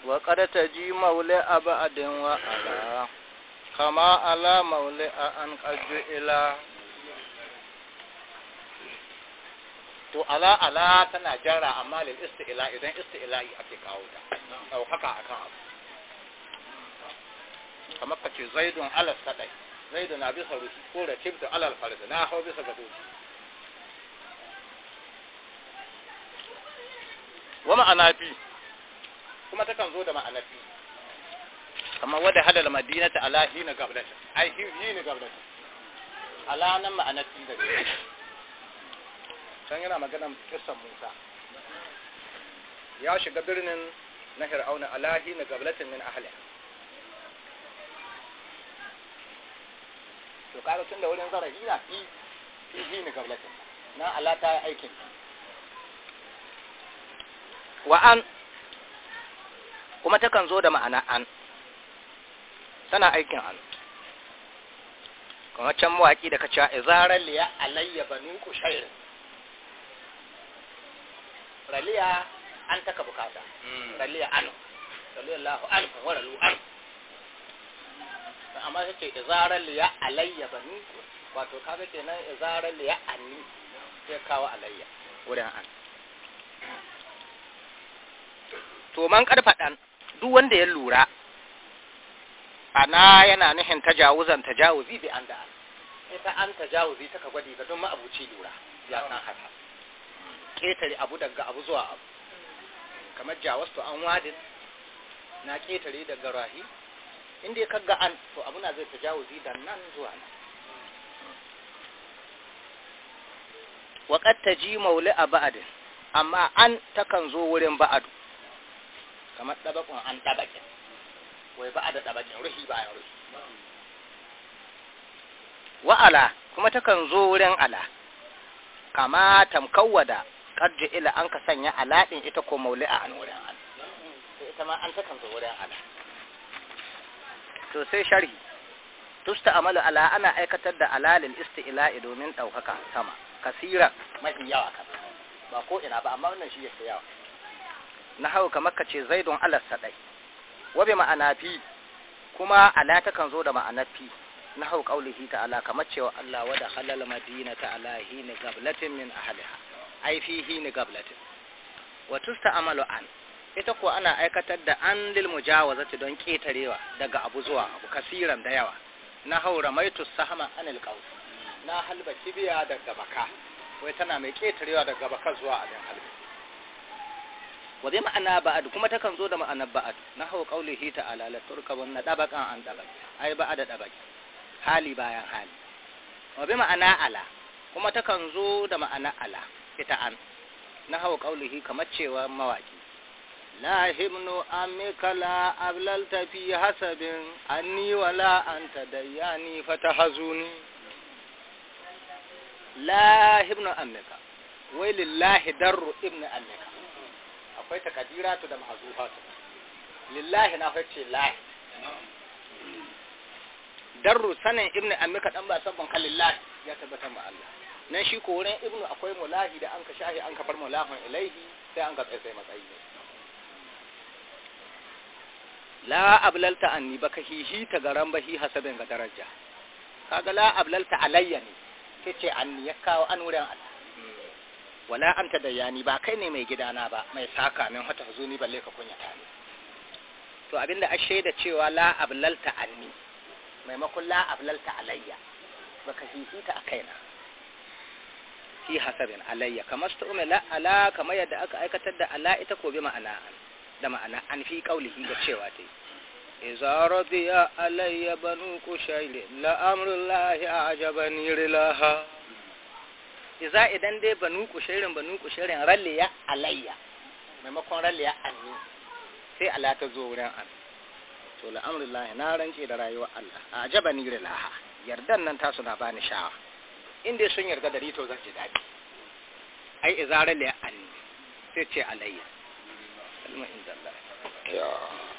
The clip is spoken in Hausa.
ta ji وقد تجي مولع بعد kama ala maule a an قد ila to ala ala tana jara amma lil isti'la idan isti'la'i ake kawo ta au haka akan abu kamar ka ce zaidun ala sadai zaidu na bisa rufi ko da tibda alal farda na hau bisa ga doki wa ma'ana biyu. kuma takan zo da ma'anar biyu kama wadda hadal madinata ala hina gablata ai hina gablata ala nan ma'anar biyu da biyu can yana magana kisan musa ya shiga birnin na fir'auna ala hina gablatin min ahli to kaga tunda wurin zarafi na fi fi hina gablatin na ala ta aikin wa an kuma takan zo da ma'ana an tana aikin an kuma can mawaki da ka cewa izarar liya alayya banu kushair raliya an taka bukata hmm. raliya anu sallallahu An wa ralu an amma sai ce izarar liya alayya banu wato kaga kenan izarar liya ni, sai kawo alayya wurin an to man ɗan. duk wanda ya lura ana yana nuhin tajawuzan tajawuzi bi an da ita an tajawuzi ta ka gwadi ga don ma'abuci lura ya san haka ƙetare abu daga abu zuwa abu kamar to an wadin na ƙetare daga rahi inda ya kaga an to abu na zai tajawuzi da nan zuwa nan waƙatta ji mauli a ba'adin amma an takan zo wurin ba'adu kamar ɗabaƙun an ɗabaƙin wai ba a da ɗabaƙin ruhi ba ya wa ala kuma takan zo wurin ala kama tamkawa da ƙarji ila an ka sanya alaɗin ita ko mauli a an wurin ala ita ma an takan zo wurin ala to sai sharhi tusta amalu ala ana aikatar da alalil isti'la'i domin ɗaukaka sama kasira mafi yawa kan ba ko ina ba amma wannan shi yake yawa na hau kamar ka ce zaidun alas sadai wabe ma'ana fi kuma ala ta kan zo da ma'ana fi na hau kaulihi ala kamar cewa Allah wada halal madina ta'ala ni gablatin min ahliha ai fi ni gablatin wa amalu an ita ko ana aikatar da an lil mujawazati don ketarewa daga abu zuwa abu kasiran da yawa na hau ramaitu sahama anil qawl na halba kibiya daga baka wai tana mai ketarewa daga baka zuwa abin halbi وذي ما أنا بعد كم تكن زود ما أنا بعد نحو قولي هي تعالى لترك ونا دبك عن دبك أي بعد دبك حالي بايع حالي وذي ما أنا على كم تكن زود ما أنا على كتا أن نحو قولي هي كم تشوى مواجه لا همن أمك لا أبللت في حسب أني ولا أنت دياني فتحزوني لا همن أمك ولله در ابن أمك akwai takadiratu da mahzufatu lillahi na fice lahi darru sanin ibnu amika dan ba sabban kalillahi ya tabbata ma Allah nan shi ko wurin ibnu akwai mulahi da an ka shahi an ka bar mulahun ilaihi sai an ka tsaye matsayi ne. la ablalta anni baka hihi ta garan bahi hasabin ga daraja kaga la ablalta alayya ne kace anni ya kawo an wurin Allah wala anta dayani ba kai ne mai gidana ba mai saka min wata huzuni balle ka kunyata ni to abinda a shaida cewa la ablalta anni maimakon la ablalta alayya baka fifita a kaina fi hasabin alayya kamar su umela ala kamar yadda aka aikatar da ala ita ko bi ma'ana da ma'ana an fi kaulihi da cewa ta yi iza rabiya alayya banu kushaili la amrullahi ajabani rilaha iza idan dai banu kushirin banu kushirin ya alayya maimakon ya anni sai Allah ta zo wurin an to la'amrullahi na rance da rayuwar Allah a ajaba ni rilaha yardan nan tasu na bani shawa inda sun yarda da rito zan ji dadi ai iza ya anni sai ce alayya kalma inda Allah